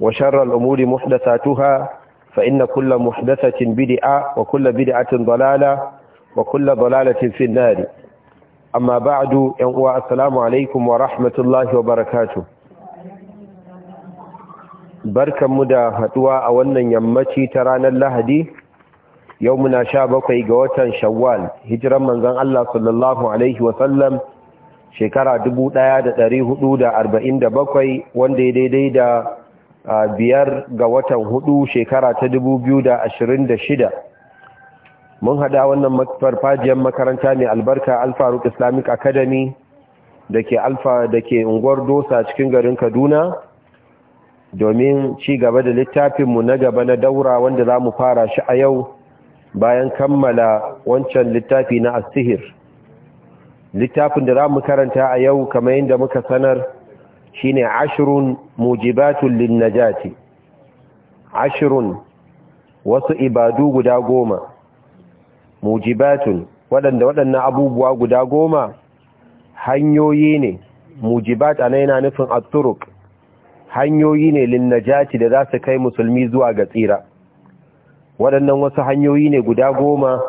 وشر الأمور محدثاتها فإن كل محدثة بدعة وكل بدعة ضلالة وكل ضلالة في النار أما بعد ينقوى السلام عليكم ورحمة الله وبركاته بركة مدى هتوى أولا يمتي ترانا اللهدي يومنا شابك إيقوة شوال هجرا من ذن الله صلى الله عليه وسلم shekara 1447 wanda ya daidai da biyar ga watan hudu shekara ta dubu biyu da ashirin da shida mun hada wannan farfajiyar makaranta mai albarka alfaruk islamic academy da ke alfa da ke unguwar dosa cikin garin kaduna domin ci gaba da littafinmu na gaba na daura wanda za mu fara shi a yau bayan kammala wancan littafi na asihir littafin da za mu karanta a yau kamar yadda muka sanar shine ashrun mujibatun linnajati ashrun wasu ibadu guda goma mujibatun waɗanda waɗannan abubuwa guda goma hanyoyi ne mujibat ana yana nufin atturuk hanyoyi ne linnajati da za su kai musulmi zuwa ga tsira waɗannan wasu hanyoyi ne guda goma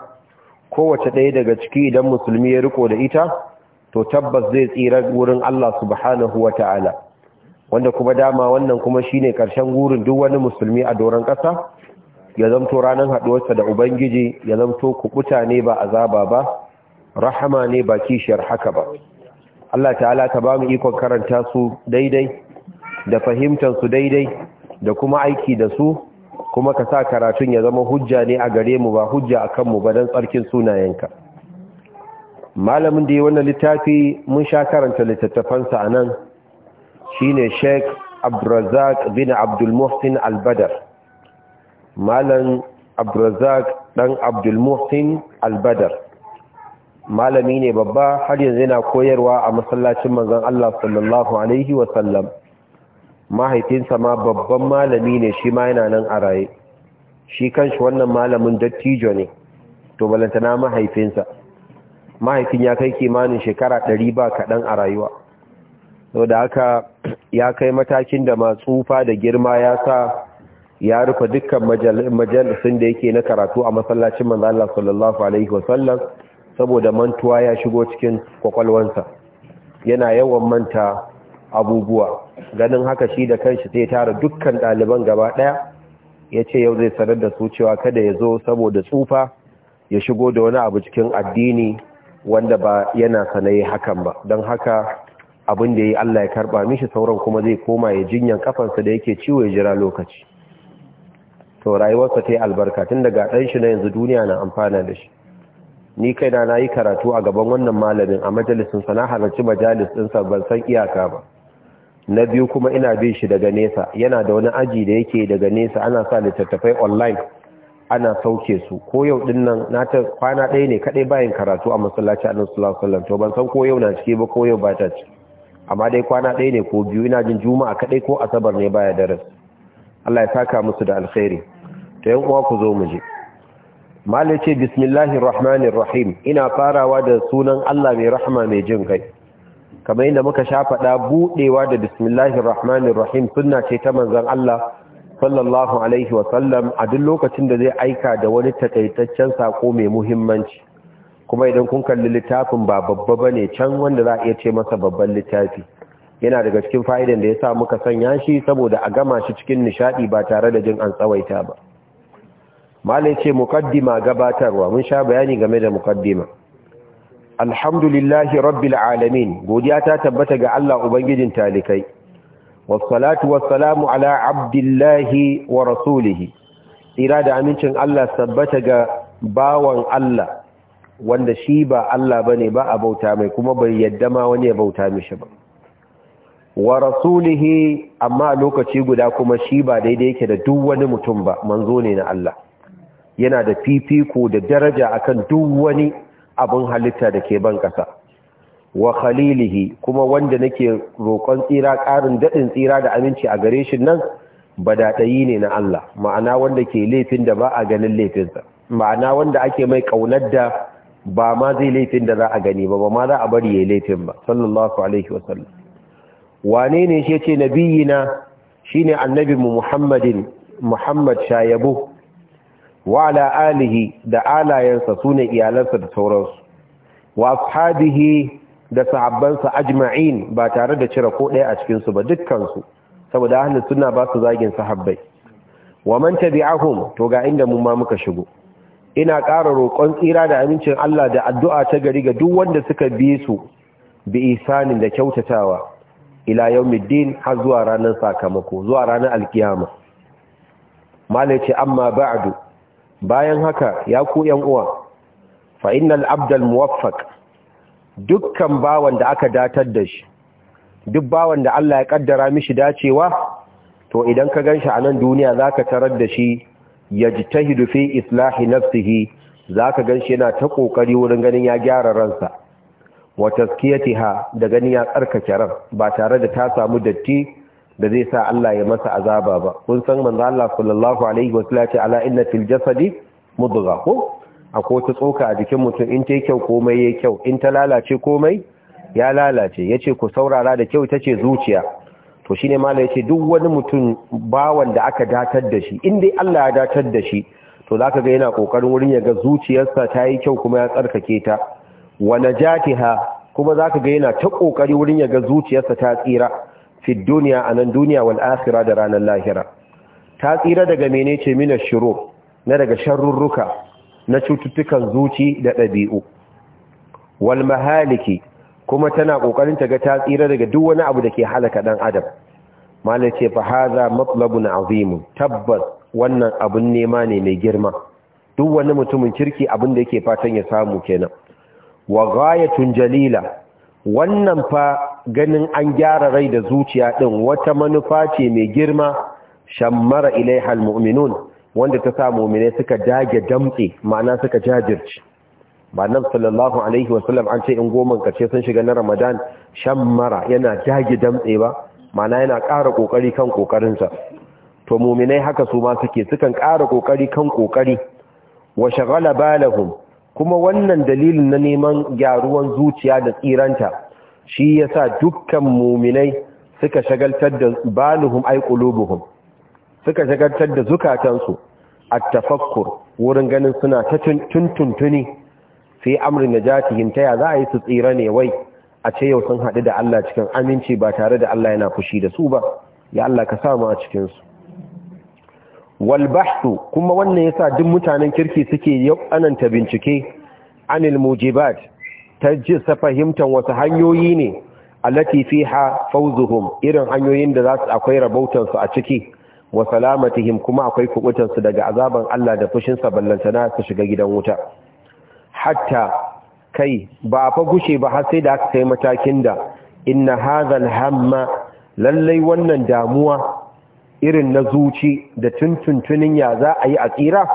kowace ɗaya daga ciki idan musulmi ya riko da ita to tabbas zai tsira wurin Allah subhanahu wa ta'ala wanda kuma dama wannan kuma shine karshen gurin duk wani musulmi a doron ƙasa ya zamto ranar haɗuwarsa da ubangiji ya zamto ku ne ba azaba ba rahama ne ba kishiyar haka ba Allah ta'ala ta ba mu ikon karanta su daidai da fahimtar su daidai da kuma aiki da su kuma ka sa karatun ya zama hujja ne a gare mu ba hujja akan mu ba don tsarkin sunayenka malamin da ya wannan littafi mun sha karanta littattafansa a nan shi ne sheik Abdulrazak bin abdulmuhsin albadar malam Abdulrazak dan abdulmuhsin albadar malami ne babba har yanzu yana koyarwa a masallacin manzon Allah sallallahu alaihi wasallam mahaifinsa ma babban malami ne shi ma yana nan a raye shi kanshi wannan malamin dattijo ne to balantana mahaifinsa mahaifin ya kai kimanin shekara ɗari ba kaɗan a rayuwa da haka ya kai matakin da ma tsufa da girma ya sa ya rufe dukkan majalisun da yake na karatu a masallacin manzo Allah sallallahu alaihi wasallam saboda mantuwa ya shigo cikin kwakwalwansa yana yawan manta abubuwa ganin haka shi da kanshi sai tara dukkan ɗaliban gaba ɗaya ya ce yau zai sanar da su cewa kada ya zo saboda tsufa ya shigo da wani abu cikin addini wanda ba yana sanayi hakan ba don haka abin da ya yi Allah ya karba mishi sauran kuma zai koma ya jinyan kafansa da yake ciwo ya jira lokaci to rayuwarsa ta yi albarka tun daga ɗan shi na yanzu duniya na amfana da shi ni kaina na yi karatu a gaban wannan malamin a majalisin sana halarci majalis ɗin ban san iyaka ba na biyu kuma ina bin shi daga nesa yana da wani aji da yake daga nesa ana sa littattafai online ana sauke su ko yau din nan na ta kwana ɗaya ne kaɗai bayan karatu a masallaci annabi sallallahu alaihi wasallam to ban san ko yau na ciki ba ko yau ba ta ciki amma dai kwana ɗaya ne ko biyu ina jin juma'a kaɗai ko asabar ne baya daras Allah ya saka musu da alkhairi to yan uwa ku zo mu je malai ce bismillahir rahmanir rahim ina farawa da sunan Allah mai rahama mai jin kai kamar yadda muka sha faɗa buɗewa da bismillahir rahmanir rahim sunna ce ta manzon Allah sallallahu alaihi wasallam a duk lokacin da zai aika da wani takaitaccen sako mai muhimmanci kuma idan kun kalli littafin ba babba ne can wanda za a iya ce masa babban littafi yana daga cikin fa'idan da ya sa muka sanya shi saboda a gama shi cikin nishadi ba tare da jin an tsawaita ba malai ce muqaddima gabatarwa mun sha bayani game da muqaddima alhamdulillahi rabbil alamin godiya ta tabbata ga Allah ubangijin talikai wasalatu wasalamu ala abdillahi wa rasulihi tsira da amincin Allah sabbata ga bawan Allah wanda shi ba Allah bane ba a bauta mai kuma bai yadda ma wani ya bauta mishi ba wa rasulihi amma lokaci guda kuma shi ba daidai yake da duk wani mutum ba manzo ne na Allah yana da fifiko da daraja akan duk wani abin halitta da ke ban ƙasa. wa khalilihi kuma wanda nake roƙon tsira ƙarin daɗin tsira da aminci a gare shi nan daɗayi ne na Allah ma'ana wanda ke laifin da ba a ganin laifinsa ma'ana wanda ake mai ƙaunar da ba ma zai laifin da za a gani ba ba ma za a bari ya laifin ba sallallahu alaihi sallam wane ne shi ce nabiyina shine annabi mu muhammadin muhammad shayabu wa ala alihi da alayansa sune iyalansa da sauransu wa ashabihi da sahabbansa ajma'in ba tare da cire ko ɗaya a cikinsu ba dukkansu saboda ahli sunna ba su zagin sahabbai wa man tabi'ahum to ga inda mun ma muka shigo ina ƙara roƙon tsira da amincin Allah da addu'a ta gari ga duk wanda suka bi su bi isanin da kyautatawa ila yawmiddin har zuwa ranar sakamako zuwa ranar alkiyama malai ce amma ba'du bayan haka ya ku yan uwa fa innal abdal muwaffaq dukkan bawan da aka datar da shi duk bawan da Allah ya kaddara mishi dacewa to idan ka ganshi a nan duniya zaka tarar da shi yajtahidu fi islahi nafsihi zaka ganshi yana ta kokari wurin ganin ya gyara ransa Wata wa ha da ganin ya tsarkake ran ba tare da ta samu datti da zai sa Allah ya masa azaba ba kun san manzo Allah sallallahu alaihi wasallam ala inna fil jasadi mudgha ko akwai wata tsoka a jikin mutum in ta yi kyau komai ya kyau in ta lalace komai ya lalace ya ce ku saurara da kyau ita ce zuciya to shi ne mala ya ce duk wani mutum bawan da aka datar da shi in dai Allah ya datar da shi to za ka ga yana ƙoƙarin wurin ya ga zuciyarsa ta yi kyau kuma ya tsarkake ta wa najatiha kuma za ka ga yana ta ƙoƙari wurin ya ga zuciyarsa ta tsira fi duniya a nan duniya wal akhira da ranar lahira ta tsira daga menene mina shiru na daga sharurruka na cututtukan zuci da ɗabi'u wal mahaliki kuma tana ƙoƙarin ta ga ta tsira daga duk wani abu da ke halaka ɗan adam malai ce fa matsalabu na azimu tabbas wannan abun nema ne mai girma duk wani mutumin kirki abin da yake fatan ya samu kenan wa tun jalila wannan fa ganin an gyara rai da zuciya ɗin wata manufa ce mai girma shammara ilaiha muminun wanda ta sa mu'mine suka dage damtse ma'ana suka jajirci ba nan sallallahu alaihi wasallam an ce in goman karshe sun shiga na ramadan shan mara yana dage damtse ba ma'ana yana ƙara ƙoƙari kan ƙoƙarinsa to muminai haka su ma suke sukan ƙara ƙoƙari kan ƙoƙari wa shagala balahum kuma wannan dalilin na neman gyaruwan zuciya da tsiranta shi yasa dukkan muminai suka shagaltar da balahum ay qulubuhum suka shagaltar da zukatansu a tafakkur wurin ganin suna ta tuntuntuni fi da najatihim ta ya za a yi su tsira ne wai a ce yau sun haɗu da Allah cikin aminci ba tare da Allah yana fushi da su ba ya Allah ka samu a cikinsu. walbastu kuma wannan ya sa duk mutanen kirki suke yau ananta bincike anil mujibat sa fahimtar wasu hanyoyi ne a latifi ha fauzuhum irin hanyoyin da za su akwai rabautansu a ciki wa salamatihim kuma akwai kubutansu daga azaban Allah da fushinsa ballantana su shiga gidan wuta hatta kai ba fa gushe ba har sai da aka kai matakin da inna hadhal hamma lallai wannan damuwa irin na zuci da tuntuntunin ya za a yi a tsira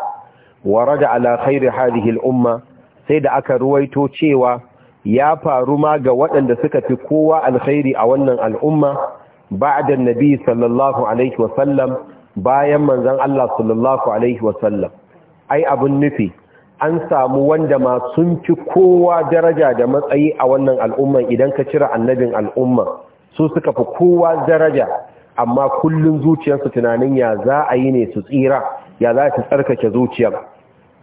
warada ala khairi hadhihi umma sai da aka ruwaito cewa ya faru ma ga waɗanda suka fi kowa alkhairi a wannan al'umma ba'da nabi sallallahu alaihi wasallam bayan manzon Allah sallallahu alaihi wasallam ai abun nufi an samu wanda ma sun ci kowa daraja da matsayi a wannan al'umma idan ka cire annabin al'umma su suka fi kowa daraja amma kullun zuciyarsu tunanin ya za a yi ne su tsira ya za su tsarkake zuciyar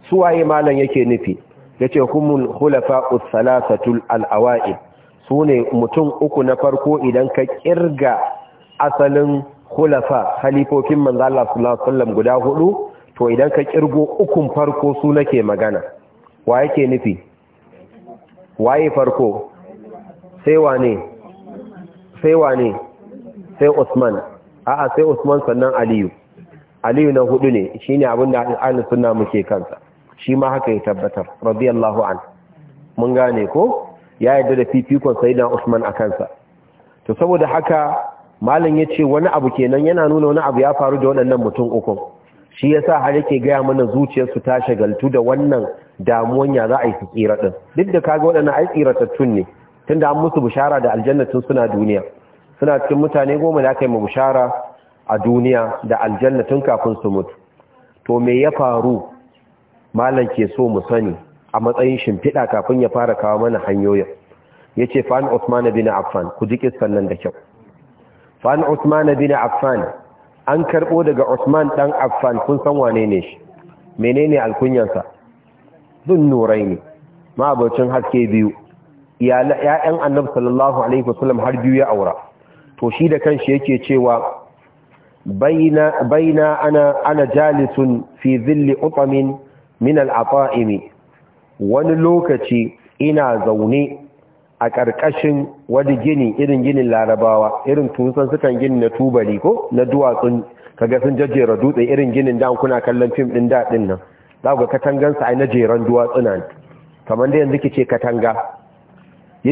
Su waye malam yake nufi yace humul khulafa'us salasatul al'awa'id sune mutum uku na farko idan ka kirga asalin khulafa halifofin manzo Allah sallallahu alaihi wasallam guda hudu to idan ka kirgo ukun farko su nake magana wa yake nufi waye farko sai wane sai wane sai Usman a'a sai Usman sannan Aliyu Aliyu na hudu ne shine abin da ahlus sunna muke kansa shi ma haka ya tabbatar radiyallahu an mun gane ko ya yarda da fifikon sayyidina Usman a kansa to saboda haka Mallam ya ce wani abu kenan yana nuna wani abu ya faru da waɗannan mutum uku shi ya sa har yake gaya mana zuciyarsu ta shagaltu da wannan damuwan ya za a yi su tsira ɗin duk da kaga waɗannan ai tsiratattun ne tun da an musu bishara da aljannatin suna duniya suna cikin mutane goma da aka yi ma bishara a duniya da aljannatin kafin su mutu to me ya faru malam ke so mu sani a matsayin shimfiɗa kafin ya fara kawo mana hanyoyin ya ce fa'an Usman bin Affan ku ji kissan nan da kyau fan Usman bin Affan an karɓo daga Usman ɗan Affan kun san wane ne shi menene alkunyansa dun nuraini ma abocin haske biyu ya'yan annabi sallallahu alaihi wasallam har biyu ya aura to shi da kanshi yake cewa baina ana ana jalisun fi zilli utamin min al-ata'imi wani lokaci ina zaune a ƙarƙashin wani gini irin ginin larabawa irin tusan sukan gini na tubali ko na duwatsun kaga sun jajjera dutse irin ginin da kuna kallon fim ɗin daɗin nan za ku katangansa yi na jeran duwatsuna kamar da yanzu kice katanga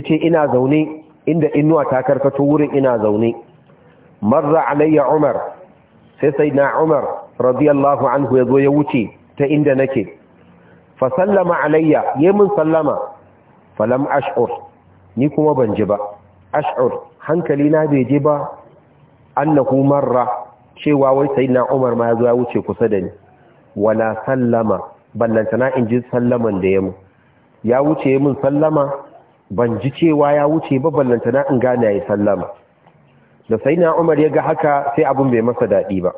ce ina zaune inda inuwa ta karkato wurin ina zaune marra alayya umar sai sai na umar radiyallahu anhu ya zo ya wuce ta inda nake fa sallama alayya min sallama falam ash'ur ni kuma ban ji ba ash'ur hankali na bai ji ba annahu marra cewa wai sayyidina Umar ma ya zo ya wuce kusa da ni wala sallama ballantana in ji sallaman da ya ya wuce min sallama ban ji cewa ya wuce ba ballantana in gane yayi sallama da sayyidina Umar ya ga haka sai abun bai masa dadi ba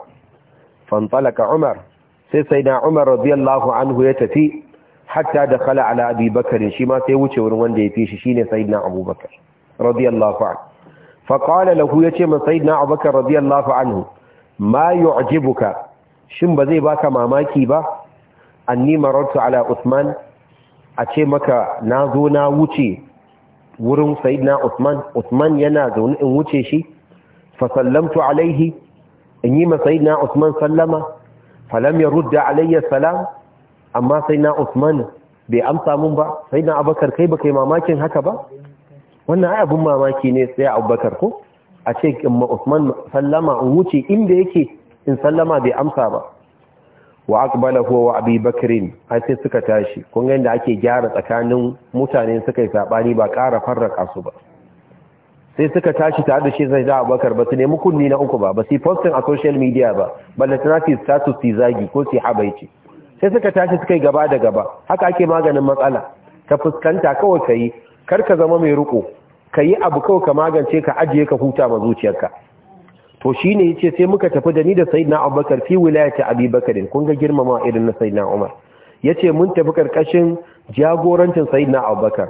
fantalaka Umar sai sayyidina Umar radiyallahu anhu ya tafi hatta da kala ala abi bakar shi ma sai wuce wurin wanda ya fi shi shine sayyidina abubakar radiyallahu anhu fa qala lahu yace man sayyidina abubakar radiyallahu anhu ma yu'jibuka shin ba zai baka mamaki ba anni marartu ala usman a ce maka na zo na wuce wurin sayyidina usman usman yana zaune in wuce shi fa sallamtu alaihi in yi ma sayyidina usman sallama falam yarudda alayya salam amma sai na Usman bai amsa mun ba sai na Abubakar kai baka yi mamakin haka ba wannan ai abun mamaki ne sai Abubakar ko a ce ma Usman sallama in wuce inda yake in sallama bai amsa ba wa aqbala huwa wa Abi Bakr ai sai suka tashi kun ga inda ake gyara tsakanin mutane suka yi sabani ba ƙara farraka su ba sai suka tashi tare da shi zai da Abubakar ba su nemi kunni na uku ba ba su posting a social media ba balle tana su status ti zagi ko su habaici sai suka tashi suka yi gaba da gaba haka ake maganin matsala ka fuskanta kawai ka yi kar ka zama mai riko ka yi abu kawai ka magance ka ajiye ka huta ma zuciyarka to shi ne yace sai muka tafi da ni da sayyidina abubakar fi wilayati abi bakarin kun ga girmama irin na sayyidina umar yace mun tafi karkashin jagorancin sayyidina abubakar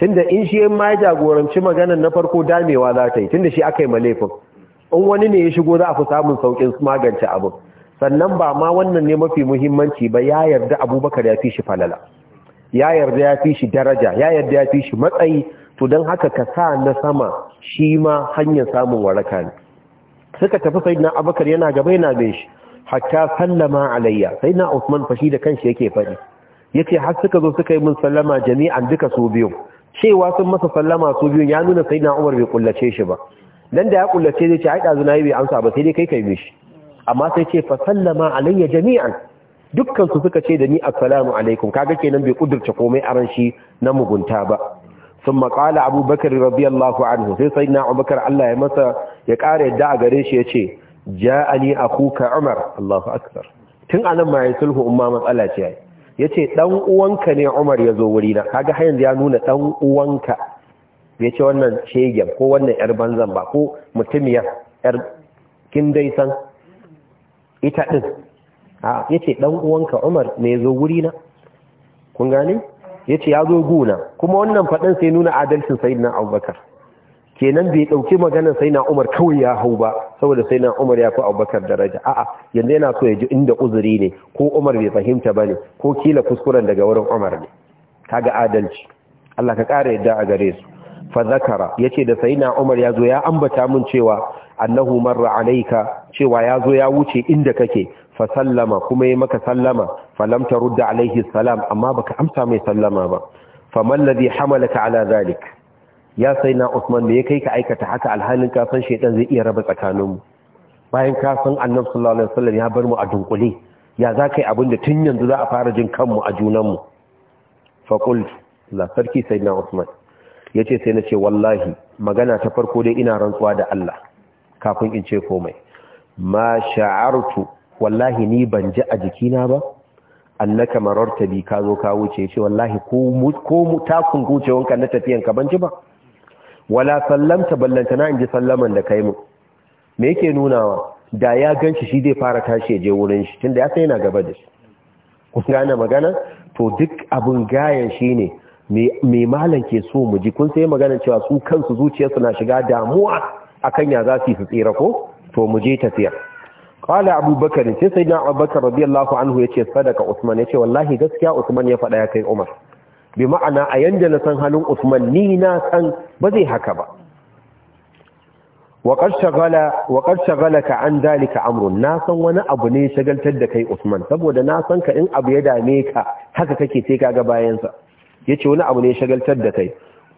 tunda in shi in ma ya jagoranci maganar na farko damewa za ta yi tunda shi aka yi laifin in wani ne ya shigo za a fi samun saukin magance abu. sannan ba ma wannan ne mafi muhimmanci ba ya yarda abubakar ya fi shi falala ya yarda ya fi shi daraja ya yarda ya fi shi matsayi to don haka ka sa na sama shi ma hanyar samun waraka ne suka tafi sai na abubakar yana gaba yana bin shi hatta sallama alayya sai na usman fashi da kanshi yake faɗi yace har suka zo suka yi min sallama jami'an duka su biyu cewa sun masa sallama su biyu ya nuna sai na umar bai kullace shi ba dan da ya kullace zai ce ai dazu nayi bai amsa ba sai dai kai kai mishi amma sai ce fa sallama alayya jami'an dukkan su suka ce da ni assalamu alaikum kaga kenan bai kudurta komai a ran shi na mugunta ba thumma qala abubakar radiyallahu anhu sai sayyidina abubakar Allah ya masa ya kare yadda a gare shi yace ja'ani akuka umar Allahu akbar tun anan ma yayi sulhu umma matsala ce yayi yace dan uwanka ne umar yazo wuri na kaga har yanzu ya nuna dan uwanka yace ce wannan shegen ko wannan yar banzan ba ko mutumiyar yar kin san ita din a ce dan uwanka Umar ne yazo wuri na kun gane ce ya zo guna kuma wannan faɗin sai nuna adalcin na Abubakar kenan bai ɗauki maganar na Umar kawai ya hau ba saboda na Umar ya fi Abubakar daraja a'a yanzu yana so ya ji inda uzuri ne ko Umar bai fahimta bane ko kila kuskuren daga wurin Umar ne kaga adalci Allah ka ƙara yadda a gare su fa zakara yace da na Umar ya zo ya ambata mun cewa annahu marra alayka cewa yazo ya wuce inda kake fa sallama kuma yayi maka sallama falam rudda alayhi salam amma baka amsa mai sallama ba faman alladhi hamalaka ala zalik ya sayyidina Usman da ya kai ka aikata haka alhalin ka san shedan zai iya raba tsakaninmu bayan ka san annabi sallallahu alaihi wasallam ya bar mu a dunkule ya za ka yi abin da tun yanzu za a fara jin kanmu a junanmu faƙul la sarki sai na usman ya ce sai na ce wallahi magana ta farko dai ina rantsuwa da Allah kafin in ce komai ma sha'artu wallahi ni ban ji a jikina ba annaka mararta bi ka zo ka wuce ce wallahi ko ko guce wanka na tafiyan ka ban ji ba wala sallamta ballanta na ji sallaman da kai mu me yake nunawa da ya ganci shi zai fara tashi je wurin shi tunda ya sai yana gaba da shi kun gane magana to duk abin gayan ne me malam ke so mu ji kun sai magana cewa su kansu zuciyarsu na shiga damuwa akan ya za su su tsira ko to mu je tafiya qala bakari sai sai sayyidina abubakar radiyallahu anhu yace sadaka usman yace wallahi gaskiya usman ya faɗa ya kai umar bi ma'ana a yanda na san halin usman ni na san ba zai haka ba waƙar shagala ka an dalika Amru na san wani abu ne shagaltar da kai usman saboda na san ka in abu ya dame ka haka kake sai kaga bayansa yace wani abu ne shagaltar da kai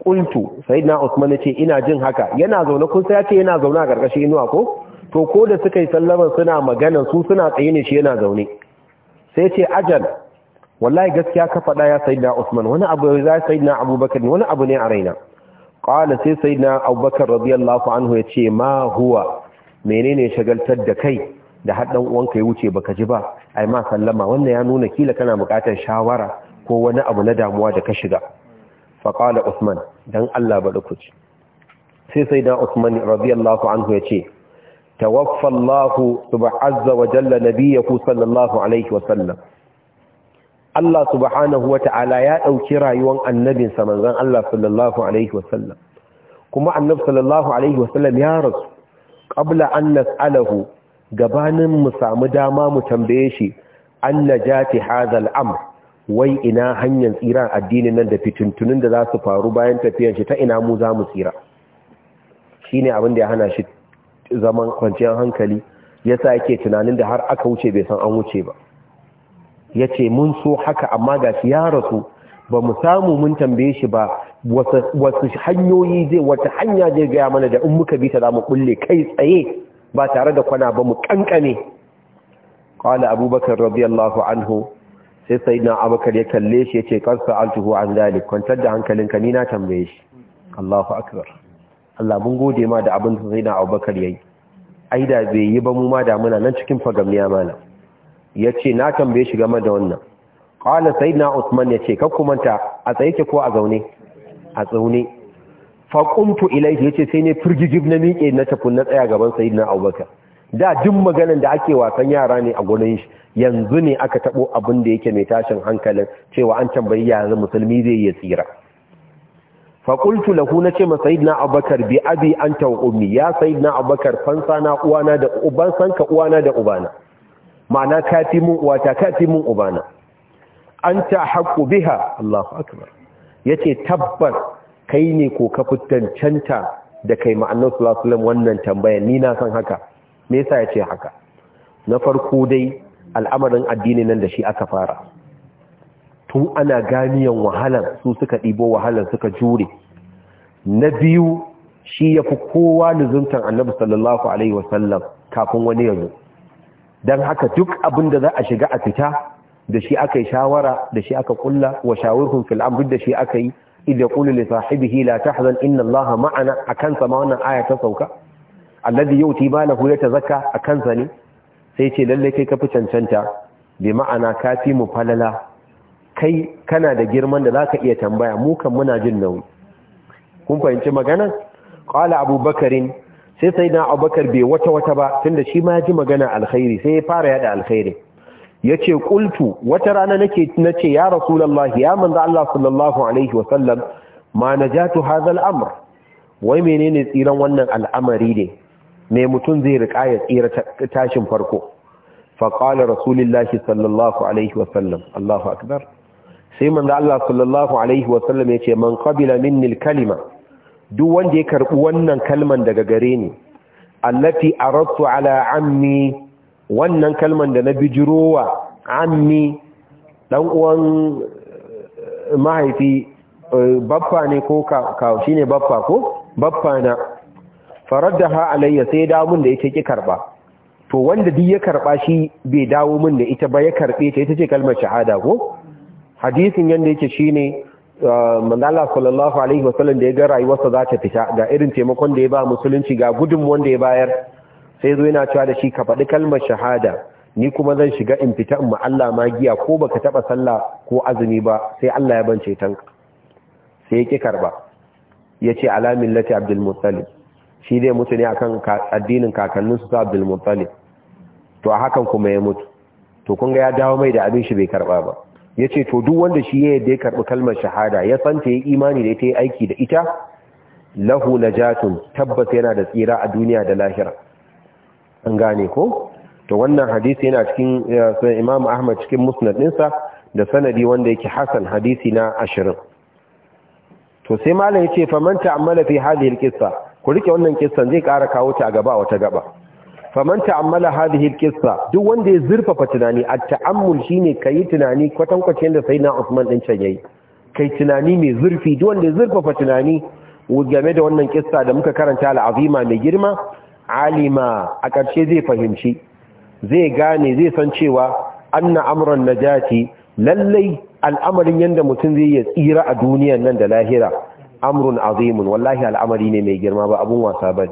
Ƙultu na usman ce ina jin haka yana zaune kun sai ce yana zaune a karkashin inuwa ko to ko da suka yi sallama suna magana su suna tsaye ne shi yana zaune sai ce ajal wallahi gaskiya ka faɗa ya sayyidina usman wani abu ya sayyidina abubakar wani abu ne a raina qala sai sayyidina abubakar radiyallahu anhu ya ce ma huwa menene shagaltar da kai da har dan uwanka ya wuce baka ji ba ai ma sallama wannan ya nuna kila kana buƙatar shawara ko wani abu na damuwa da ka shiga faƙala usman don allah ba da kuci sai sai na usman radiyallahu anhu ya ce ta tawaffa allahu azza wa jalla nabiyahu sallallahu alaihi wasallam Allah subhanahu wa ta'ala ya ɗauki rayuwan annabinsa manzan Allah sallallahu Alaihi wasallam, kuma annab sallallahu Alaihi wasallam ya rasu, ƙabla an nas'alahu gabanin mu samu dama mu tambaye shi, an na ja ti hazal amr wai ina hanyar tsiran addinin nan da fitintunin da za su faru bayan tafiyar shi ta ina mu za mu tsira shi ne abin da ya hana shi zaman kwanciyar hankali ya sa yake tunanin da har aka wuce bai san an wuce ba ya ce mun so haka amma ga shi ya rasu ba mu samu mun tambaye shi ba wasu hanyoyi zai wata hanya zai gaya mana da in muka bi ta za mu kulle kai tsaye ba tare da kwana ba mu kankane قال Abubakar بكر رضي الله عنه sai sai na abubakar ya kalle shi ya ce qad altuhu an zalik kwantar da hankalin ni na tambaye shi Allahu akbar Allah mun gode ma da abin da sayyidina abubakar yi. ai da bai yi ba mu ma damuna nan cikin fagamiya mana Ya ce na tambaye shi game da wannan sai na usman yace ka kumanta a tsaye ke ko a zaune a tsaune fa qumtu ya ce sai ne firgigib na miƙe na tafi na tsaya gaban sai na abubakar da duk maganin da ake wasan yara ne a gurin shi yanzu ne aka tabo abin da yake mai tashin hankalin cewa an tambayi yanzu musulmi zai yi tsira faƙultu lahu na ce ma na abubakar bi abi an ta ummi ya na abubakar fansa na uwana da uban sanka uwana da ubana ma'ana ka fi mun uwata ka fi mun ubana an ta haƙu biha Allahu akbar yace tabbas kai ne ko ka fitancanta da kai ma'anar sallallahu alaihi wannan tambayar ni na san haka me yasa ya ce haka na farko dai al'amarin addini nan da shi aka fara tun ana ganiyan wahalan su suka ɗibo wahalan suka jure na biyu shi ya fi kowa luzuntan annabi sallallahu alaihi wasallam kafin wani yanzu Dan haka duk abin da za a shiga a fita da shi aka yi shawara da shi aka kulla wa shawirhum fil amr da shi aka yi idza qulu li sahibihi la tahzan inna allaha ma'ana akan sama wannan aya ta sauka alladhi yuti balahu yatazakka a kansa ne sai ce lalle kai ka fi cancanta bi ma'ana ka fi mu falala kai kana da girman da zaka iya tambaya mu kan muna jin nauyi kun fahimci magana qala abubakarin sai sai na abubakar bai wata wata ba tunda shi ma ya ji magana alkhairi sai ya fara yada alkhairi yace qultu wata rana nake nace ya rasulullahi ya manzo Allah sallallahu alaihi wa sallam ma najatu hadha al-amr wai menene tsiran wannan al'amari ne ne mutum zai riƙa ya tsira tashin farko faƙalar rasulillahi sallallahu alaihi wasallam allahu akbar sai manzo Allah sallallahu alaihi wasallam ya ce man qabila minni kalima duk wanda ya karɓi wannan kalman daga gare ni allati aradtu ala ammi wannan kalman da na bijirowa ammi dan uwan eh, mahaifi eh, baffa ne ko ka shine baffa ko baffa na ha alayya sai dawo mun da ita ki karba to wanda duk ya karba shi bai dawo min da ita ba ya karbe ta ita ce kalmar shahada ko hadisin yanda yake shine uh, manzala sallallahu alaihi wasallam da ya ga rayuwarsa za ta fita ga irin taimakon da ya ba musulunci ga gudun wanda ya bayar sai zo yana cewa da shi ka faɗi kalmar shahada ni kuma zan shiga in fita in ma Allah magiya ko baka taba sallah ko azumi ba sai Allah ya bance tanka sai ya ki karba yace ce ala millati abdul muttalib shi dai mutu ne akan addinin kakannin su Abdul Muttalib to a hakan kuma ya mutu to kun ga ya dawo mai da abin shi bai karba ba Ya ce to duk wanda shi ya yadda ya karbi kalmar shahada ya san ta yi imani da ita yi aiki da ita lahu najatun tabbas yana da tsira a duniya da lahira an gane ko to wannan hadisi yana cikin sunan Imam Ahmad cikin musnad da sanadi wanda yake Hassan hadisi na ashirin. to sai malam yace fa man ta'ammala fi hadhihi al ku rike wannan kissan zai ƙara kawo ta a gaba wata gaba faman ta'ammala hadhihi kissa duk wanda ya zurfafa tunani at-ta'ammul shine kai tunani yadda da na Usman din can yayi kai tunani mai zurfi duk wanda ya zurfafa tunani game da wannan kissa da muka karanta al'azima mai girma alima a ƙarshe zai fahimci zai gane zai san cewa anna amran najati lallai al'amarin yadda mutum zai ya tsira a duniyar nan da lahira amrun azimun wallahi al'amari ne mai girma ba abun wasa ba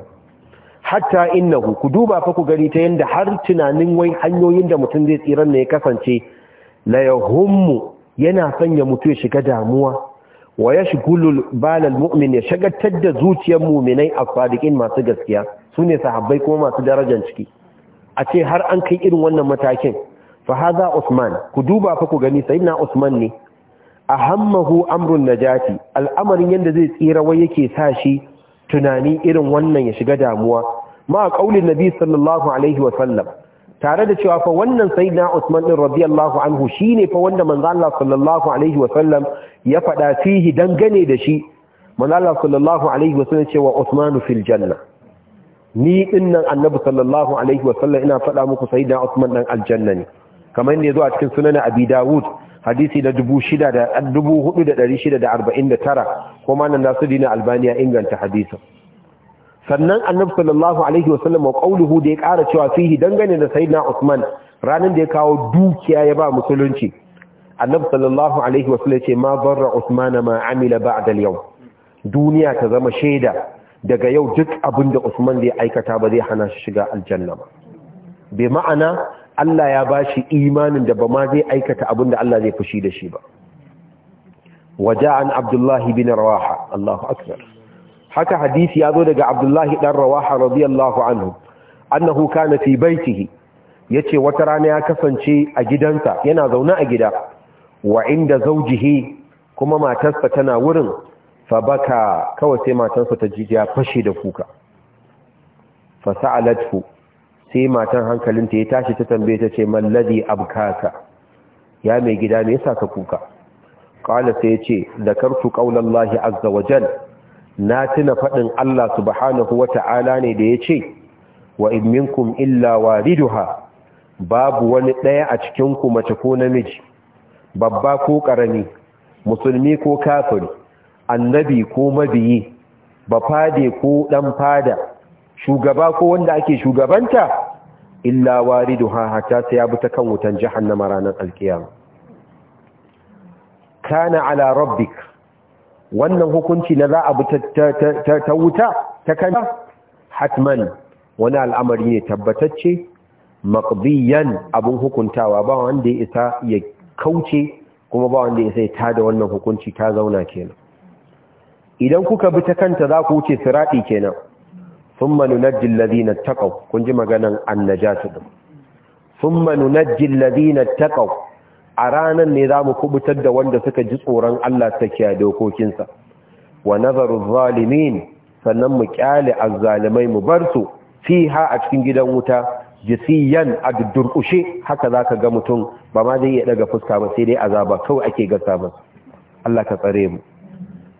hatta innahu ku duba fa ku gari ta yanda har tunanin wai hanyoyin da mutum zai tsiran ne ya kasance la yahummu yana sanya mutu ya shiga damuwa wa yashghulu balal mu'min ya shagaltar da zuciyar mu'minai as-sadiqin masu gaskiya sune sahabbai kuma masu darajar ciki a ce har an kai irin wannan matakin fa hadha usman ku duba fa ku gani sayyidina usman ne A hammahu amrun najati al'amarin yadda zai tsira wai yake sa shi tunani irin wannan ya shiga damuwa ma a ƙaunin nabi sallallahu alaihi wa sallam tare da cewa fa wannan sayyidina Usman din radiyallahu anhu shi ne fa wanda manzo sallallahu alaihi wa sallam ya faɗa fihi dangane da shi manzo sallallahu alaihi wa sallam cewa Usman fil janna ni dinnan annabi sallallahu alaihi wa sallam ina faɗa muku sayyidina Usman dan aljanna ne kamar yadda yazo a cikin sunan Abi Dawud hadisi na 4649 kuma nan nasu dina albaniya inganta hadisin sannan annabi sallallahu alaihi sallam qauluhu da ya ƙara cewa fihi dangane da sayyidina Usman ranan da ya kawo dukiya ya ba musulunci annabi sallallahu alaihi ya ce ma barra Usman ma amila ba'da al-yawm duniya ta zama shaida daga yau duk abin da Usman zai aikata ba zai hana shi shiga aljanna ba bi ma'ana Allah ya ba shi imanin da ba ma zai aikata abin da Allah zai fushi da shi ba waje an abdullahi bin rawaha Allahu akbar haka hadisi ya zo daga abdullahi Ɗan rawaha radiyallahu anhu annahu kana fi baitihi yace wata rana ya kasance a gidansa yana zaune a gida wa inda zawjihi kuma matarsa tana wurin fa baka kawai sai matarsa ta ji ya fashe da kuka fasa latfo. sai matan hankalinta ya tashi ta tambaye ta ce mallazi abkaka ya mai gida me yasa ka kuka qala sai ya ce zakartu qaulallahi azza wa jal na tuna fadin Allah subhanahu wa ta'ala ne da ya ce wa in minkum illa wariduha babu wani daya a cikin ku mace ko namiji babba ko karami musulmi ko kafiri annabi ko mabiyi bafade ko dan fada shugaba ko wanda ake shugabanta illa wariduha hatta sai ya bi ta kan wutan jahannama ranar alkiyama kana ala rabbik wannan hukunci na za a bi ta wuta ta kan hatman wani al'amari ne tabbatacce maqdiyan abun hukuntawa ba wanda ya isa ya kauce kuma ba wanda ya isa ya tada wannan hukunci ta zauna kenan idan kuka bi ta kanta za ku wuce sirati kenan na nunajji na takau kun ji maganan annajatu din na jillazi na takau a ranar ne za mu kubutar da wanda suka ji tsoron Allah ta kya dokokinsa wa nazaru zalimin sannan mu kyale zalimai mu bar su ha a cikin gidan wuta jisiyan a durkushe haka za ka ga mutum ba ma zai iya daga fuska ba sai dai azaba kawai ake gasa ba. Allah ka tsare mu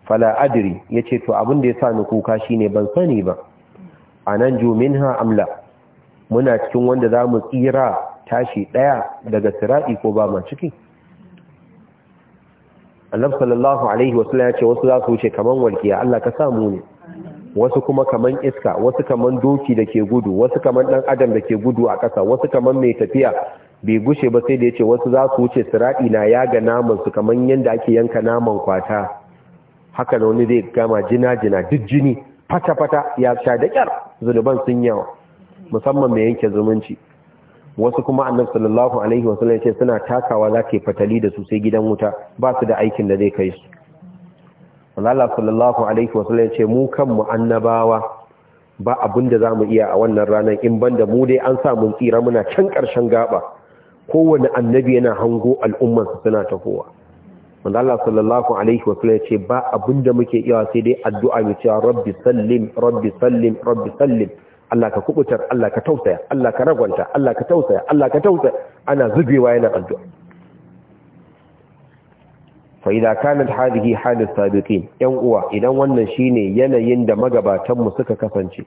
fala ya ce to abin da ya sa ni kuka shine ban sani ba A ananju minha amla muna cikin wanda za mu tsira tashi daya daga sirati ko ba ma ciki annabi sallallahu alaihi wasallam ya ce wasu za su wuce kaman walƙiya, Allah ka samu ne wasu kuma kaman iska wasu kaman doki da ke gudu wasu kaman dan adam da ke gudu a ƙasa wasu kaman mai tafiya bai gushe ba sai da yace wasu za su wuce sirati na yaga naman su kaman yanda ake yanka naman kwata haka na wani zai gama jina jina duk jini fata-fata ya sha da kyar zunuban sun yawa musamman mai yanke zumunci wasu kuma annabi sallallahu alaihi suna takawa za ka fatali da su sai gidan wuta ba su da aikin da zai kai su Allah sallallahu alaihi ce mu kanmu annabawa ba abin da zamu iya a wannan ranar in banda mu dai an sa mun tsira muna can karshen gaba kowane annabi yana hango al'ummarsa suna tafowa wanda Allah sallallahu alaihi wasallam ya ce ba abin da muke iya sai dai addu'a mu cewa rabbi sallim rabbi sallim rabbi sallim Allah ka kubutar Allah ka tausaya Allah ka ragwanta Allah ka tausaya Allah ka tausaya ana zubewa yana addu'a fa idza kanat hadhihi halu sabiqin yan uwa idan wannan shine yanayin da magabatan mu suka kasance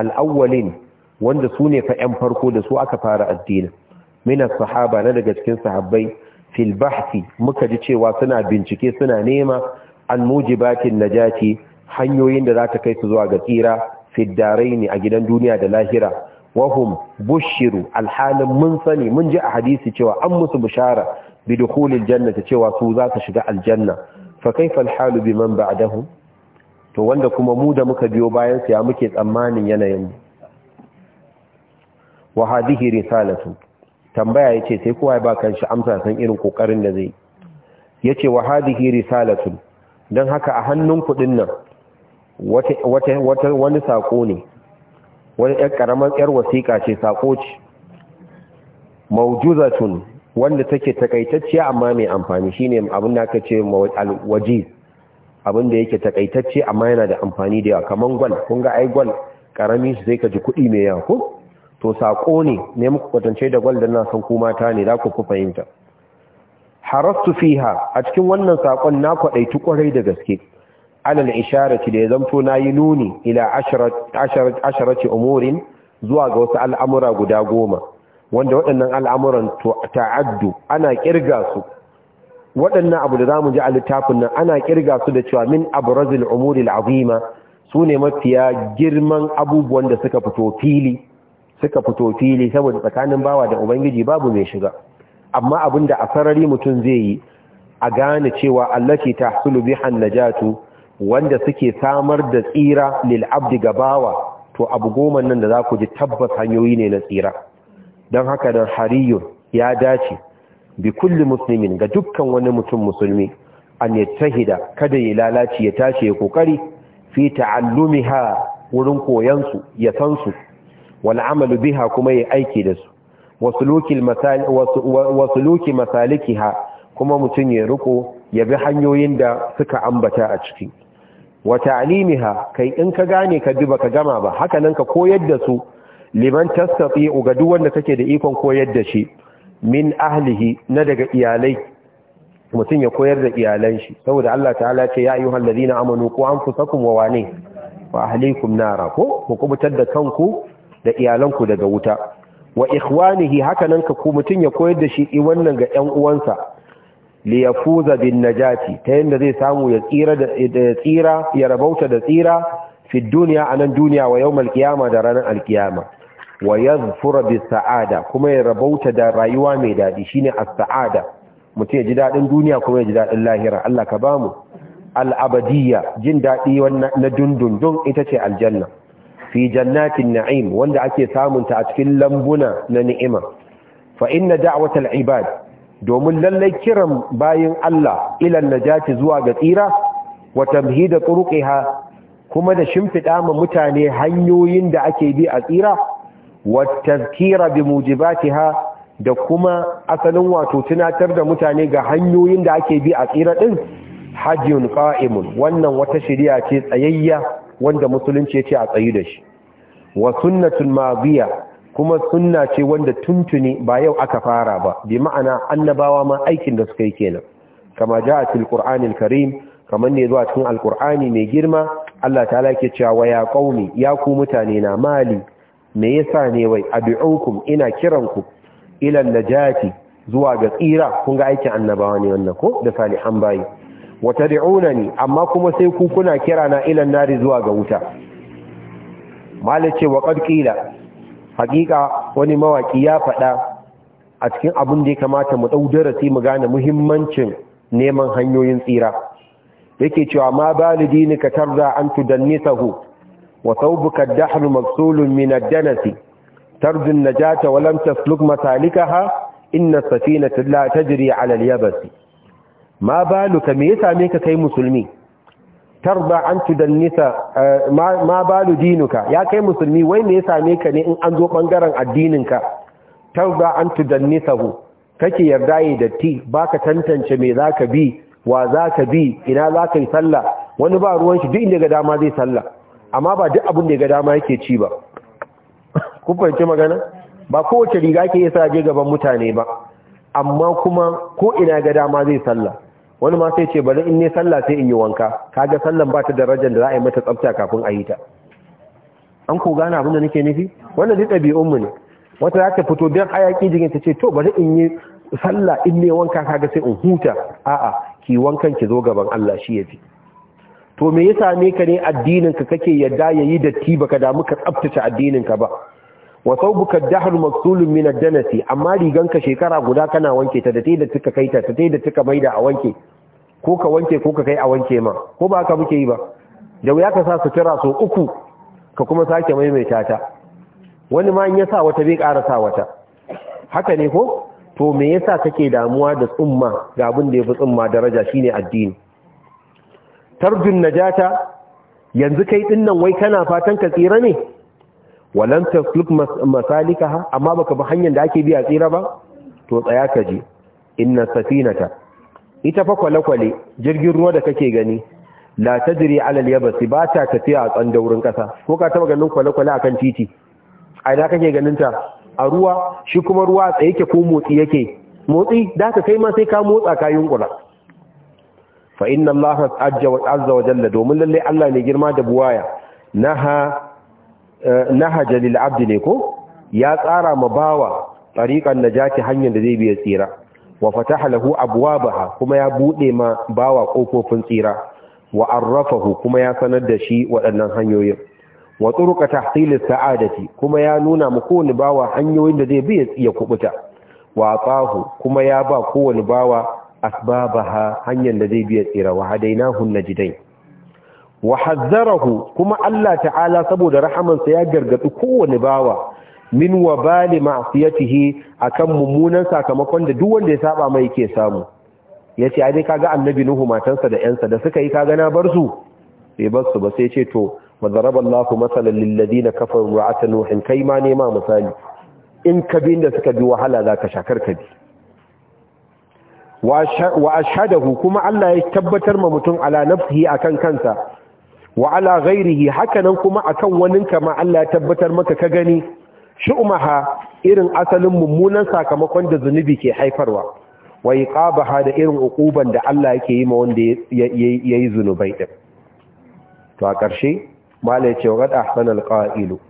al-awwalin wanda su ne fa yan farko da su aka fara addini min as-sahaba na daga cikin sahabbai fil bahti muka ji cewa suna bincike suna nema an mujibatin najati hanyoyin da za ta kai su zuwa ga tsira fil daraini a gidan duniya da lahira wahum bushiru alhalin mun sani mun ji a hadisi cewa an musu bishara bi dukhulil jannati cewa su za su shiga aljanna fa kaifa alhalu biman ba'dahum to wanda kuma mu da muka biyo bayan su ya muke tsammanin yanayin wa hadhihi risalatu tambaya yace sai kowa ya ba kanshi amsa san irin kokarin da zai yace wa hadhihi risalatun dan haka a hannun kudin nan wata wata wani sako ne wani ɗan karamar yar wasiƙa ce sako ce mawjuzatun wanda take takaitacce, amma mai amfani shine abin da aka ce wajiz abin da yake takaitacce amma yana da amfani da yawa kaman gwal kun ga ai gwal karami sai ka ji kuɗi mai yawa ko to saƙo ne ne muku kwatance da gwal da na san kuma ta ne za ku fi fahimta harastu fiha a cikin wannan saƙon na kwaɗaitu kwarai da gaske alal isharaci da ya zamto na yi nuni ila asharati umurin zuwa ga wasu al'amura guda goma wanda waɗannan al'amuran ta'addu ana ƙirga su waɗannan abu da za mu ji a littafin nan ana ƙirga su da cewa min razil umuril azima su ne mafiya girman abubuwan da suka fito fili suka fito fili saboda tsakanin bawa da ubangiji babu mai shiga amma abinda a sarari mutum zai yi a gane cewa allati tahsulu bihan najatu wanda suke samar da tsira lil abdi gabawa to abu goma nan da za ku ji tabbas hanyoyi ne na tsira don haka da hariyun ya dace bi kulli muslimin ga dukkan wani mutum musulmi an tahida kada ya lalace ya tashi ya kokari fi ta'allumiha wurin koyansu ya san su wal'amalu amalu biha kuma ya aiki da su wasuluki masalikiha kuma mutum ya riko ya bi hanyoyin da suka ambata a ciki alimi ha, kai in ka gane ka duba ka gama ba haka nan ka koyar da su liman tastati'u ga duk wanda kake da ikon koyar da shi min ahlihi na daga iyalai mutum ya koyar da iyalan shi saboda Allah ta'ala ce ya ayyuhal ladina amanu qu anfusakum wa wane wa ahlikum nara ko ku kubutar da kanku da iyalanku daga wuta wa ikhwanihi hakanan ka ku mutun ya koyar da shi wannan ga ƴan uwansa li yafuza bin najati ta yanda zai samu ya tsira ya rabauta da tsira fi a nan duniya wa yawmal qiyama da ranar alkiyama. wa yadhfura bi sa'ada kuma ya rabauta da rayuwa mai dadi shine as-sa'ada mutum ya ji dadin duniya kuma ya ji daɗin lahira Allah ka bamu al-abadiyya jin daɗi wannan na dundundun ita ce aljanna fi jannatin na'im wanda ake samunta a cikin lambuna na ni'ima fa inna da'watal ibad domin lallai kiran bayin Allah ilan najati zuwa ga tsira wa tamhida turuqiha kuma da shimfida ma mutane hanyoyin da ake bi a tsira wa tazkira bi mujibatiha da kuma asalin wato tunatar da mutane ga hanyoyin da ake bi a tsira din hajjun qa'imun wannan wata shari'a ce tsayayya wanda musulunci ya ce a tsayi da shi wa sunnatul madiya kuma sunna ce wanda tuntuni ba yau aka fara ba bi ma'ana annabawa ma aikin da suka yi kenan kama ja'a fil qur'anil karim ne zuwa cikin alqur'ani mai girma Allah ta'ala yake cewa wa ya qaumi ya ku mutane na mali me yasa ne wai ad'ukum ina kiranku ila najati zuwa ga tsira kun ga aikin annabawa ne wannan ko da salihan bayi Wata da'una ne, amma kuma sai ku kuna kira na ilan nari zuwa ga wuta malace wa ƙarƙila, haƙiƙa wani mawaki ya faɗa. a cikin abin da ya kamata mu dau darasi mu gane muhimmancin neman hanyoyin tsira yake cewa ma ka tarza an dannisahu wa thawbuka ad-dahru min ad-danasi tarju an-najata wa lam tasluk masalikaha inna as-safinata la tajri 'ala al-yabasi ma ka me ya same ka kai musulmi tarba an tudannisa ma balu dinuka ya kai musulmi wai me ya same ka ne in an zo bangaren addininka tarba an tudannisahu kake yarda yi datti baka tantance me zaka bi wa zaka bi ina zaka yi sallah wani ba ruwan shi duk inda ga dama zai sallah amma ba duk abin da ga dama yake ci ba ku fahimci magana ba kowace riga ke yasa je gaban mutane ba amma kuma ko ina ga dama zai sallah wani ma sai ce bari in ne sallah sai in yi wanka kaga sallan ba ta darajar da za a yi mata tsafta kafin a yi ta an ko gane abin da nake nufi wannan duk ɗabi'un mu ne wata za ta fito biyan hayaki jigin ta ce to bari in yi sallah in ne wanka kaga sai in huta a'a ki wankan ki zo gaban Allah shi yafi to me yasa ne ka ne addinin ka kake yadda yayi datti baka damu ka tsaftace addinin ka ba wa saubuka dahr maksulun min ad amma amma ka shekara guda kana wanke ta da da tuka kaita ta da tuka maida a wanke ko ka wanke ko ka kai a wanke ma ko ba haka muke yi ba da wuya ka sa sutura so uku ka kuma sake maimaita ta wani ma in ya sa wata bai ƙara sa wata haka ne ko to me yasa kake damuwa da tsumma ga abin da fi tsumma daraja shine addini tarjun najata yanzu kai dinnan wai kana fatan ka tsira ne walam tasluk masalikaha amma baka bi hanyar da ake bi a tsira ba to tsaya ka je inna safinata ita fa kwale jirgin ruwa da kake gani la tajri ala al yabsi ba ta tafiya a tsandaurin kasa ko ka taba ganin kwale akan titi a ina kake ganin ta a ruwa shi kuma ruwa tsaye yake ko motsi yake motsi da ka kai ma sai ka motsa ka yunkura fa inna allaha azza wa jalla domin lalle Allah ne girma da buwaya naha Eh, nahaja lil abdi ne ko ya tsara ma bawa tariqan najati hanyar da zai biya tsira wa fataha lahu abwabaha kuma ya bude ma bawa kofofin tsira wa arrafahu kuma ya sanar da shi waɗannan hanyoyin wa turuqa tahsil sa'adati kuma ya nuna ma kowane bawa hanyoyin da zai biya tsiya kubuta wa atahu kuma ya ba kowane bawa asbabaha hanyar da zai biya tsira wa hadainahu najidain wa hazzarahu kuma Allah ta'ala saboda rahamansa ya gargadi kowane bawa min wabali ma'siyatihi akan mummunan sakamakon da duk wanda ya saba mai yake samu yace ai dai kaga annabi nuhu matansa da ƴansa da suka yi kaga na bar su sai bar su ba sai ce to madaraballahu masalan lil ladina kafaru ra'at nuhin kai ma ne ma misali in ka bi inda suka bi wahala za ka shakar bi. wa ashhadahu kuma Allah ya tabbatar ma mutum ala nafsihi akan kansa wa ala ghairihi hakanan kuma akan wanin kama Allah ya tabbatar maka ka gani shu'maha irin asalin mummunan sakamakon da zunubi ke haifarwa wa iqabaha da irin uquban da Allah yake yi ma wanda yayi zunubai din to a ƙarshe mala ce wa qad ahsana alqa'ilu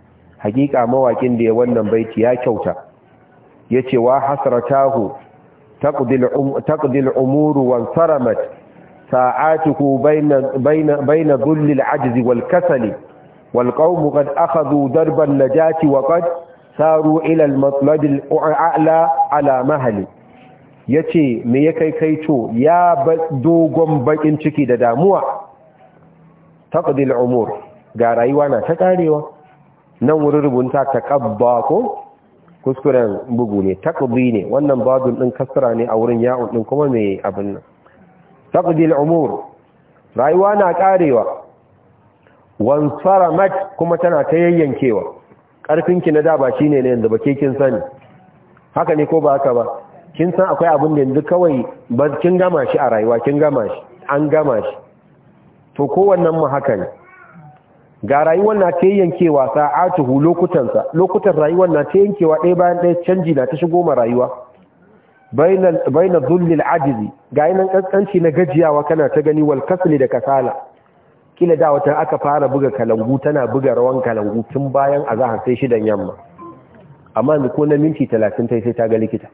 hakika mawakin da ya wannan baiti ya kyauta yace wa hasratahu taqdil um, umuru wa saramat ساعاته بين baina gullil ذل العجز والكسل والقوم قد أخذوا درب النجاة وقد ساروا إلى المطلب الأعلى على مهل yace me ya kai co ya ba dogon bakin ciki da damuwa taqdil umur ga rayuwa na ta karewa nan wurin rubuta taqabba ko kuskuren bugu ne taqbi ne wannan badun din kasra ne a wurin ya'un din kuma me abin nan taqdi al-umur rayuwa na karewa wan saramat kuma tana ta yayyankewa karfinki na da ba shine ne yanzu ba ke kin sani haka ne ko ba haka ba kin san akwai abin da yanzu kawai ba kin gama shi a rayuwa kin gama shi an gama shi to wannan mu haka ne ga rayuwar na ta yankewa sa'atuhu lokutansa lokutan rayuwar na ta yankewa ɗaya bayan ɗaya canji na ta shigo ma rayuwa baina zullil ajizi ga yanan kaskanci na gajiyawa kana ta gani wal kasli da kasala kila da wata aka fara buga kalangu tana buga rawan kalangu tun bayan azahar sai shidan yamma amma ni ko na minti 30 yi sai ta ga likita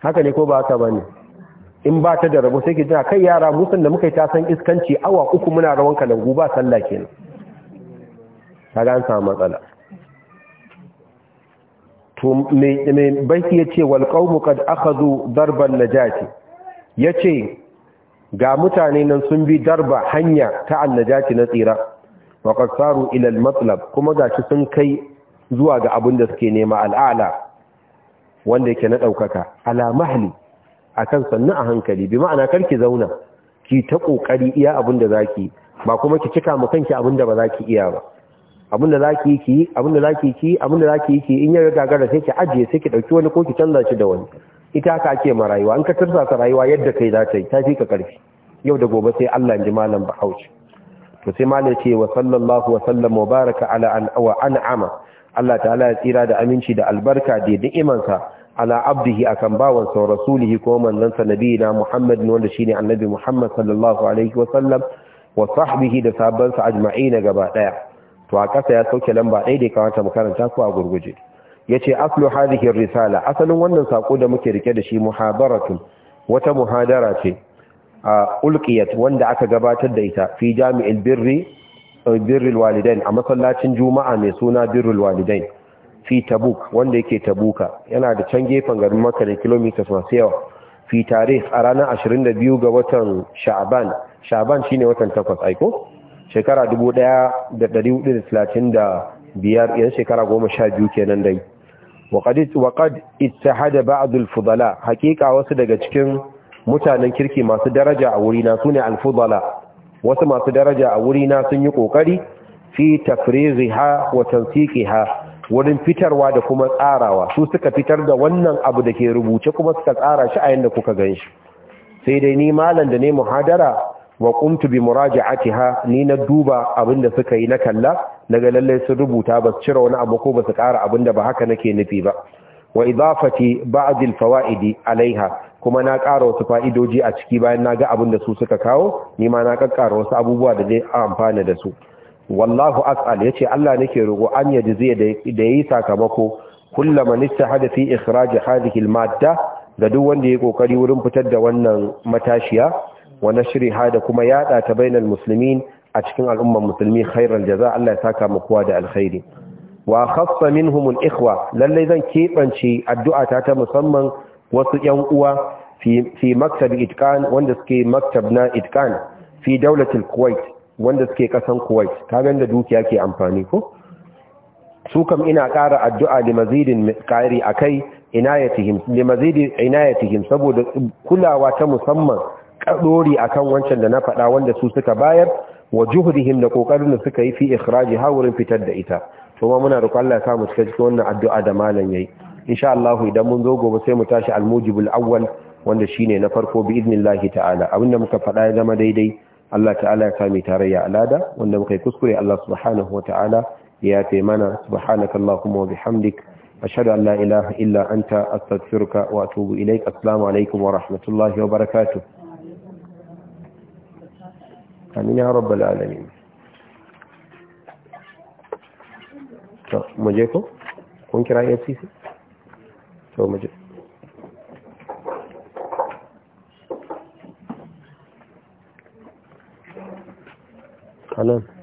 haka ne ko ba haka bane in ba ta da rabo sai ki ji kai yara musan da muka yi ta san iskanci awa uku muna rawan kalangu ba sallah kenan kaga an samu matsala to mai baiti ya ce walƙaunu kad zo darbar najati ya ce ga mutane nan sun bi darba hanya ta annajati na tsira waƙar ilal matsalab kuma ga shi sun kai zuwa ga abin da suke nema al'ala wanda yake na ɗaukaka alamahali a kan sannu a hankali bi ma'ana karki zauna ki ta ƙoƙari iya abin da za ki ba kuma ki cika mu kanki abin da ba za ki iya ba abinda za ki yi ki yi abinda za ki yi ki yi abinda za ki yi ki in yi gagara sai ki ajiye sai ki ɗauki wani ko ki canza shi da wani ita haka ake ma rayuwa an ka tursasa rayuwa yadda kai za ta yi ta fi ka ƙarfi yau da gobe sai Allah ji malam Bahaushe to sai malam ce wa sallallahu wa sallam wa baraka ala an wa an'ama Allah ta'ala ya tsira da aminci da albarka da ni'imansa ala abdihi akan bawan sa rasulihi ko manzon sa nabiyina Muhammad wanda shine annabi Muhammad sallallahu alaihi wa sallam wa sahbihi da sabansa ajma'ina gaba daya to a ƙasa ya sauke lamba ɗaya da ya kamata mu karanta ko a gurguje ya ce aslu hadhihi risala asalin wannan sako da muke rike da shi muhabaratun wata muhadara ce a ulqiyat wanda aka gabatar da ita fi jami'il birri eh, birrul a masallacin juma'a mai suna birrul walidain fi tabuk wanda yake tabuka yana da can gefen garin makka da kilomita masu yawa fi tarikh a ranar 22 ga watan sha'ban sha'ban shine watan takwas aiko shekara 1435 yan shekara 12 kenan dai وقد وقد اتحد بعض الفضلاء Haƙiƙa wasu daga cikin mutanen kirki masu daraja a wurina sune al-fudala wasu masu daraja a wuri na sun yi kokari fi tafriziha wa tansiqiha wurin fitarwa da kuma tsarawa su suka fitar da wannan abu da ke rubuce kuma suka tsara shi a yanda kuka ganshi sai dai ni malam da ne muhadara wa qumtu bi muraja'atiha ni na duba abin da suka yi na kalla naga lalle sun rubuta ba cire wani abu ko ba su ƙara abin da ba haka nake nufi ba wa idafati ba'd al-fawaidi alaiha kuma na ƙara wasu fa'idoji a ciki bayan na ga abin da su suka kawo ni ma na kakkara wasu abubuwa da zai amfana da su wallahu as'al yace Allah nake roƙo an yajzi da yayi sakamako kullama nistahada fi ikhraj hadhihi al-madda ga duk wanda ya kokari wurin fitar da wannan matashiya wa ha da kuma yada ta bainal muslimin a cikin al'ummar musulmi khairal jaza Allah ya saka mu kowa da alkhairi wa khassa minhum al ikhwa lalle zan kebance addu'a ta ta musamman wasu yan uwa fi fi maktab itqan wanda suke maktab na itqan fi dawlatil kuwait wanda suke kasan kuwait kaga da dukiya ke amfani ko su kam ina ƙara addu'a da mazidin ƙari a kai inayatihim saboda kulawa ta musamman kadori akan wancan da na faɗa wanda su suka bayar wa juhudihim da kokarin da suka yi fi ikhraji ha wurin fitar da ita to ma muna roƙon Allah ya sa mu cika cikin wannan addu'a da malam yayi insha Allah idan mun zo gobe sai mu tashi al awwal wanda shine na farko bi idnillahi ta'ala abinda muka faɗa ya zama daidai Allah ta'ala ya kame tarayya alada wanda muka yi kuskure Allah subhanahu wata'ala ya yafe mana subhanaka allahumma wa bihamdik ashhadu an la ilaha illa anta astaghfiruka wa atubu ilaik assalamu alaikum wa rahmatullahi wa barakatuh amin ya rabbal alamin to mu je ko kun kira FCC to mu je Alan.